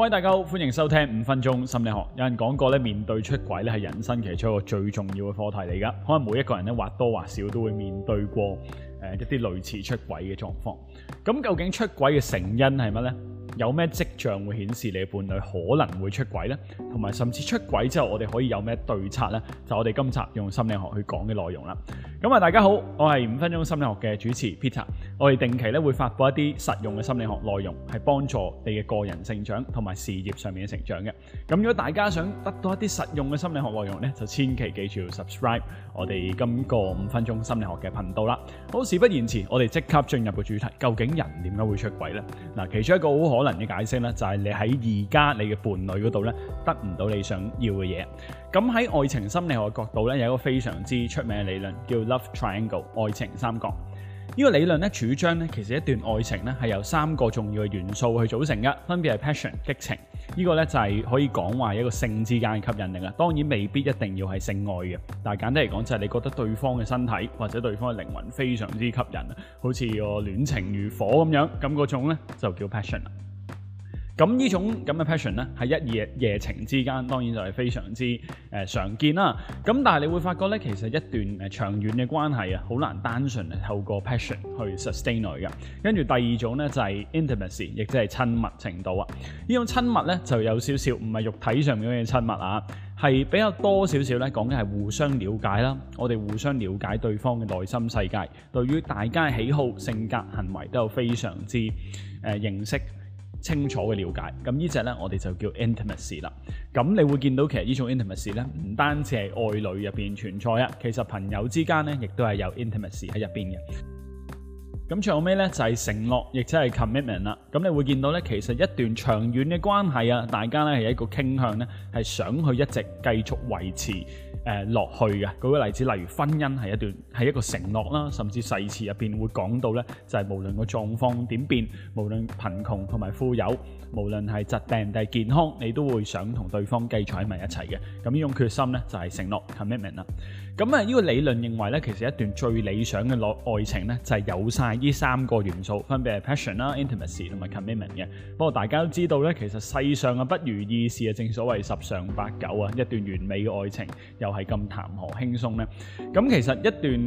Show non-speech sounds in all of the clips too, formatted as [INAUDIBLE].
各位大家好，歡迎收聽五分鐘心理學。有人講過咧，面對出軌咧係人生其中一個最重要嘅課題嚟噶。可能每一個人咧或多或少都會面對過誒、呃、一啲類似出軌嘅狀況。咁究竟出軌嘅成因係乜呢？有咩跡象會顯示你嘅伴侶可能會出軌呢？同埋甚至出軌之後，我哋可以有咩對策呢？就我哋今集用心理學去講嘅內容啦。咁啊，大家好，我係五分鐘心理學嘅主持 Peter。我哋定期呢會發布一啲實用嘅心理學內容，係幫助你嘅個人成長同埋事業上面嘅成長嘅。咁如果大家想得到一啲實用嘅心理學內容呢，就千祈記住 subscribe 我哋今個五分鐘心理學嘅頻道啦。好，事不宜遲，我哋即刻進入個主題。究竟人點解會出軌呢？嗱，其中一個好可能。嘅解釋咧，就係你喺而家你嘅伴侶嗰度咧，得唔到你想要嘅嘢。咁喺愛情心理學嘅角度咧，有一個非常之出名嘅理論，叫 Love Triangle（ 愛情三角）。呢個理論咧，主張咧，其實一段愛情咧係由三個重要嘅元素去組成嘅，分別係 passion（ 激情）。呢個咧就係可以講話一個性之間嘅吸引力啦。當然未必一定要係性愛嘅，但係簡單嚟講就係你覺得對方嘅身體或者對方嘅靈魂非常之吸引，好似個戀情如火咁樣，咁嗰種咧就叫 passion 啦。咁呢種咁嘅 passion 咧，喺一夜夜情之間，當然就係非常之誒、呃、常見啦。咁但係你會發覺咧，其實一段誒、呃、長遠嘅關係啊，好難單純係透過 passion 去 sustain 佢嘅。跟住第二種咧就係、是、intimacy，亦即係親密程度啊。種親呢種親密咧就有少少唔係肉體上面嘅親密啊，係比較多少少咧講緊係互相了解啦。我哋互相了解對方嘅內心世界，對於大家嘅喜好、性格、行為都有非常之誒認識。呃清楚嘅了解，咁呢隻呢，我哋就叫 intimacy 啦。咁你會見到其實呢種 intimacy 咧，唔單止係愛侶入邊存在啊，其實朋友之間呢，亦都係有 intimacy 喺入邊嘅。咁最後尾咧就係承諾，亦即係 commitment 啦。咁你會見到咧，其實一段長遠嘅關係啊，大家咧係一個傾向咧，係想去一直繼續維持誒落去嘅。舉個例子，例如婚姻係一段係一個承諾啦，甚至誓詞入邊會講到咧，就係無論個狀況點變，無論貧窮同埋富有，無論係疾病定係健康，你都會想同對方繼續喺埋一齊嘅。咁呢種決心咧就係承諾 commitment 啦。咁啊，呢個理論認為咧，其實一段最理想嘅愛情咧就係有曬。呢三個元素分別係 passion 啦、intimacy 同埋 commitment 嘅。不過大家都知道咧，其實世上嘅不如意事啊，正所謂十常八九啊，一段完美嘅愛情又係咁談何輕鬆呢？咁其實一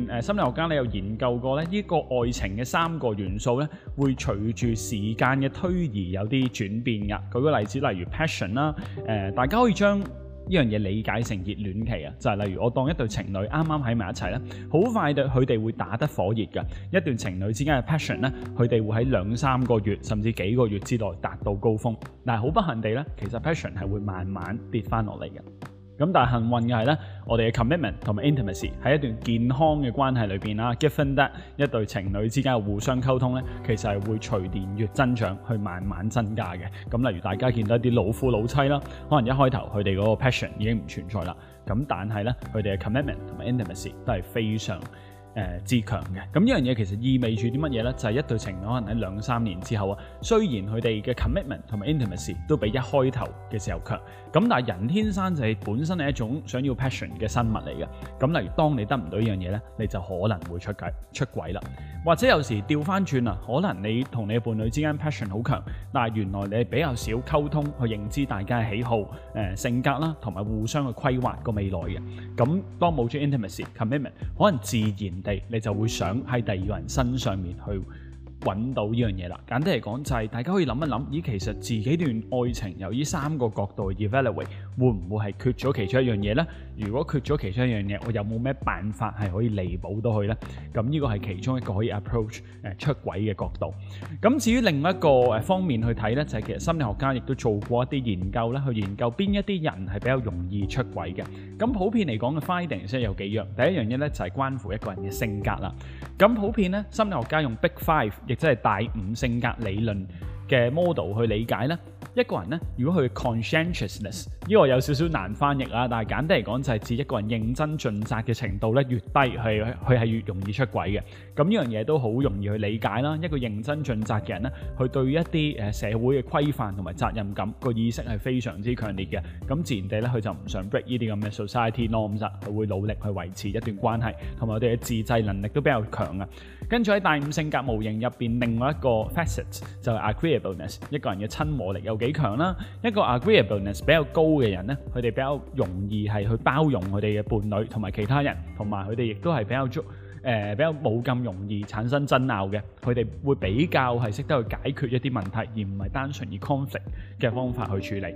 段誒心理學家咧有研究過咧，呢個愛情嘅三個元素咧，會隨住時間嘅推移有啲轉變噶。舉個例子，例如 passion 啦，誒大家可以將。呢樣嘢理解成熱戀期啊，就係例如我當一對情侶啱啱喺埋一齊咧，好快對佢哋會打得火熱嘅一段情侶之間嘅 passion 咧，佢哋會喺兩三個月甚至幾個月之內達到高峰。但係好不幸地咧，其實 passion 係會慢慢跌翻落嚟嘅。咁但係幸運嘅係咧，我哋嘅 commitment 同埋 intimacy 喺一段健康嘅關係裏邊啦，given that 一對情侶之間嘅互相溝通咧，其實係會隨年越增長去慢慢增加嘅。咁例如大家見到一啲老夫老妻啦，可能一開頭佢哋嗰個 passion 已經唔存在啦，咁但係咧，佢哋嘅 commitment 同埋 intimacy 都係非常。誒、呃、自強嘅，咁呢樣嘢其實意味住啲乜嘢呢？就係、是、一對情侶可能喺兩三年之後啊，雖然佢哋嘅 commitment 同埋 intimacy 都比一開頭嘅時候強，咁但係人天生就係本身係一種想要 passion 嘅生物嚟嘅。咁例如當你得唔到呢樣嘢呢，你就可能會出軌出軌啦。或者有時調翻轉啊，可能你同你嘅伴侶之間 passion 好強，但係原來你係比較少溝通去認知大家嘅喜好、誒、呃、性格啦，同埋互相去規劃個未來嘅。咁當冇咗 intimacy、commitment，可能自然。你就會想喺第二個人身上面去。揾到呢樣嘢啦，簡單嚟講就係大家可以諗一諗，咦，其實自己段愛情由呢三個角度 evaluate，會唔會係缺咗其中一樣嘢呢？如果缺咗其中一樣嘢，我有冇咩辦法係可以彌補到佢呢？咁呢個係其中一個可以 approach 誒出軌嘅角度。咁至於另一個誒方面去睇呢，就係其實心理學家亦都做過一啲研究咧，去研究邊一啲人係比較容易出軌嘅。咁普遍嚟講嘅 finding 即係有幾樣，第一樣嘢呢就係關乎一個人嘅性格啦。咁普遍呢，心理學家用 Big Five。即係大五性格理論嘅 model 去理解咧。一個人咧，如果佢 conscientiousness 呢個有少少難翻譯啦，但係簡單嚟講就係指一個人認真盡責嘅程度咧越低，係佢係越容易出軌嘅。咁呢樣嘢都好容易去理解啦。一個認真盡責嘅人咧，佢對一啲誒社會嘅規範同埋責任感個意識係非常之強烈嘅。咁自然地咧，佢就唔想 break 呢啲咁嘅 society norms 啊，佢會努力去維持一段關係，同埋我哋嘅自制能力都比較強啊。跟住喺大五性格模型入邊，另外一個 facet 就係 agreeableness，一個人嘅親和力有幾強啦，一個 agreeableness 比較高嘅人咧，佢哋比較容易係去包容佢哋嘅伴侶同埋其他人，同埋佢哋亦都係比較足誒，比較冇咁容易產生爭拗嘅，佢哋會比較係識得去解決一啲問題，而唔係單純以 conflict 嘅方法去處理。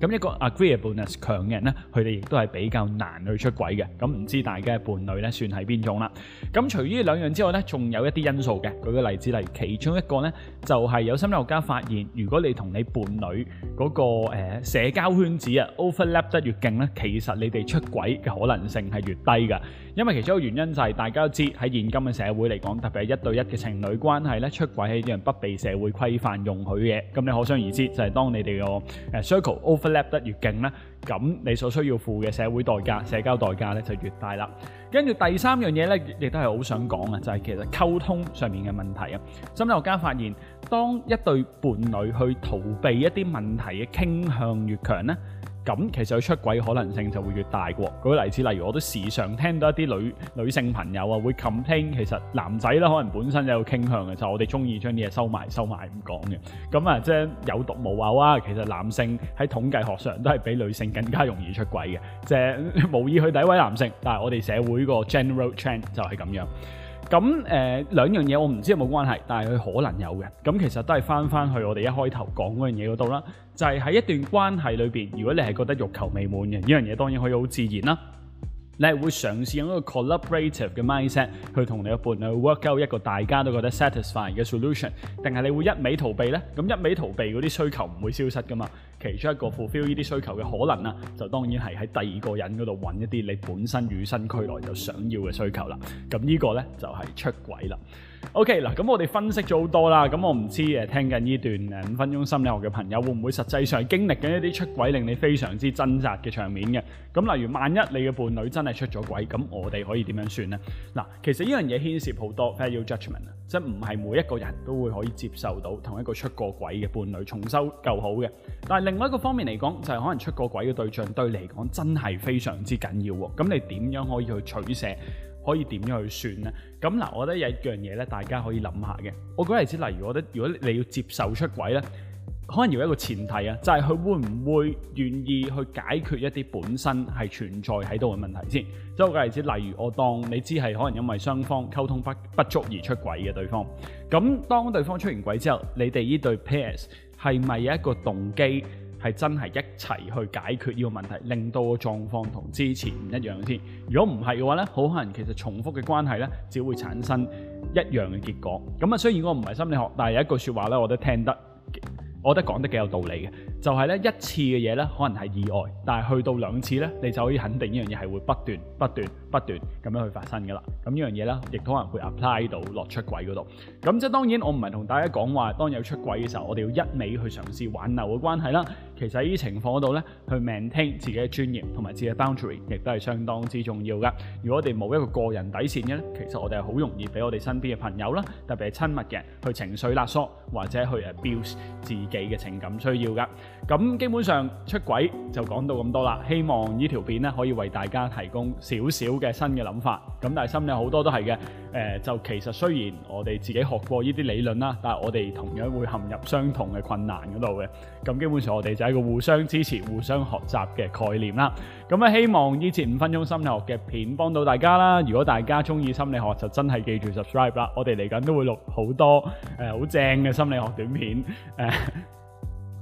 咁一個 agreeableness 強嘅人咧，佢哋亦都係比較難去出軌嘅。咁唔知大家嘅伴侶咧，算係邊種啦？咁除於兩樣之外咧，仲有一啲因素嘅。舉個例子，例如其中一個咧，就係有心理學家發現，如果你同你伴侶嗰個誒社交圈子啊 overlap 得越勁咧，其實你哋出軌嘅可能性係越低㗎。因為其中一個原因就係大家都知喺現今嘅社會嚟講，特別係一對一嘅情侶關係咧，出軌係一樣不被社會規範容許嘅。咁你可想而知，就係當你哋個誒 circle overlap 得越勁咧，咁你所需要付嘅社會代價、社交代價咧就越大啦。跟住第三樣嘢咧，亦都係好想講啊，就係其實溝通上面嘅問題啊。心理學家發現，當一對伴侶去逃避一啲問題嘅傾向越強咧。咁其實佢出軌可能性就會越大喎、哦。舉、那個例子，例如我都時常聽到一啲女女性朋友啊會 complain，其實男仔咧可能本身有傾向嘅，就是、我哋中意將啲嘢收埋收埋唔講嘅。咁啊，即係有毒無縫啊。其實男性喺統計學上都係比女性更加容易出軌嘅，即係無意去詆毀男性，但係我哋社會個 general trend 就係咁樣。咁誒兩樣嘢我唔知有冇關係，但係佢可能有嘅。咁其實都係返返去我哋一開頭講嗰樣嘢嗰度啦，就係喺一段關係裏邊，如果你係覺得欲求未滿嘅，呢樣嘢當然可以好自然啦。你係會嘗試用一個 collaborative 嘅 mindset 去同你嘅伴侶 work out 一個大家都覺得 satisfied 嘅 solution，定係你會一味逃避呢？咁一味逃避嗰啲需求唔會消失㗎嘛？其中一個 fulfill 呢啲需求嘅可能啦、啊，就當然係喺第二個人嗰度揾一啲你本身與生俱來就想要嘅需求啦。咁呢個呢，就係、是、出軌啦。OK 嗱，咁我哋分析咗好多啦。咁我唔知誒、啊、聽緊呢段五分鐘心理學嘅朋友會唔會實際上經歷緊一啲出軌令你非常之掙扎嘅場面嘅？咁例如萬一你嘅伴侶真係出咗軌，咁我哋可以點樣算呢？嗱，其實依樣嘢牽涉好多，value judgment 即係唔係每一個人都會可以接受到同一個出過軌嘅伴侶重修舊好嘅。但係另另外一個方面嚟講，就係、是、可能出過軌嘅對象對你嚟講，真係非常之緊要。咁你點樣可以去取捨？可以點樣去算呢？咁嗱，我覺得有一樣嘢咧，大家可以諗下嘅。我舉例子，例如，我覺得如果你要接受出軌呢，可能要一個前提啊，就係、是、佢會唔會願意去解決一啲本身係存在喺度嘅問題先。即係我舉例子，例如我當你只係可能因為雙方溝通不不足而出軌嘅對方，咁當對方出完軌之後，你哋呢對 pairs 係咪有一個動機？係真係一齊去解決呢個問題，令到個狀況同之前唔一樣先。如果唔係嘅話呢，好可能其實重複嘅關係呢，只會產生一樣嘅結果。咁啊，雖然我唔係心理學，但係有一句說話呢，我都聽得，我覺得講得幾有道理嘅，就係呢一次嘅嘢呢，可能係意外，但係去到兩次呢，你就可以肯定呢樣嘢係會不斷、不斷、不斷咁樣去發生噶啦。咁呢樣嘢呢，亦都可能會 apply 到落出軌嗰度。咁即係當然，我唔係同大家講話，當有出軌嘅時候，我哋要一味去嘗試挽留嘅關係啦。其實喺呢情況嗰度咧，去 maintain 自己嘅專業同埋自己嘅 boundary，亦都係相當之重要㗎。如果我哋冇一個個人底線嘅咧，其實我哋係好容易俾我哋身邊嘅朋友啦，特別係親密嘅，去情緒勒索或者去 abuse 自己嘅情感需要㗎。咁基本上出軌就講到咁多啦。希望呢條片咧可以為大家提供少少嘅新嘅諗法。咁但係心有好多都係嘅。誒、呃，就其實雖然我哋自己學過呢啲理論啦，但係我哋同樣會陷入相同嘅困難嗰度嘅。咁基本上我哋就。一個互相支持、互相學習嘅概念啦。咁、嗯、咧，希望呢節五分鐘心理學嘅片幫到大家啦。如果大家中意心理學，就真係記住 subscribe 啦。我哋嚟緊都會錄好多誒，好、呃、正嘅心理學短片誒。 [LAUGHS]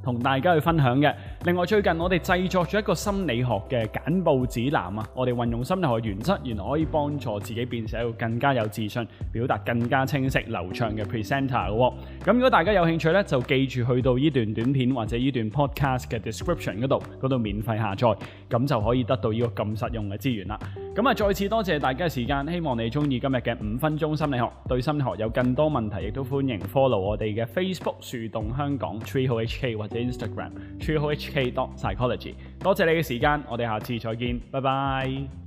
同大家去分享嘅。另外，最近我哋製作咗一個心理學嘅簡報指南啊，我哋運用心理學原則，原來可以幫助自己變成一個更加有自信、表達更加清晰、流暢嘅 Presenter 嘅，哦。咁如果大家有興趣呢，就記住去到依段短片或者依段 Podcast 嘅 Description 嗰度，嗰度免費下載，咁就可以得到呢個咁實用嘅資源啦。咁啊，再次多謝大家嘅時間，希望你鍾意今日嘅五分鐘心理學。對心理學有更多問題，亦都歡迎 follow 我哋嘅 Facebook 樹洞香港 Treehole HK 或者 Instagram Treehole HK Psychology。多謝你嘅時間，我哋下次再見，拜拜。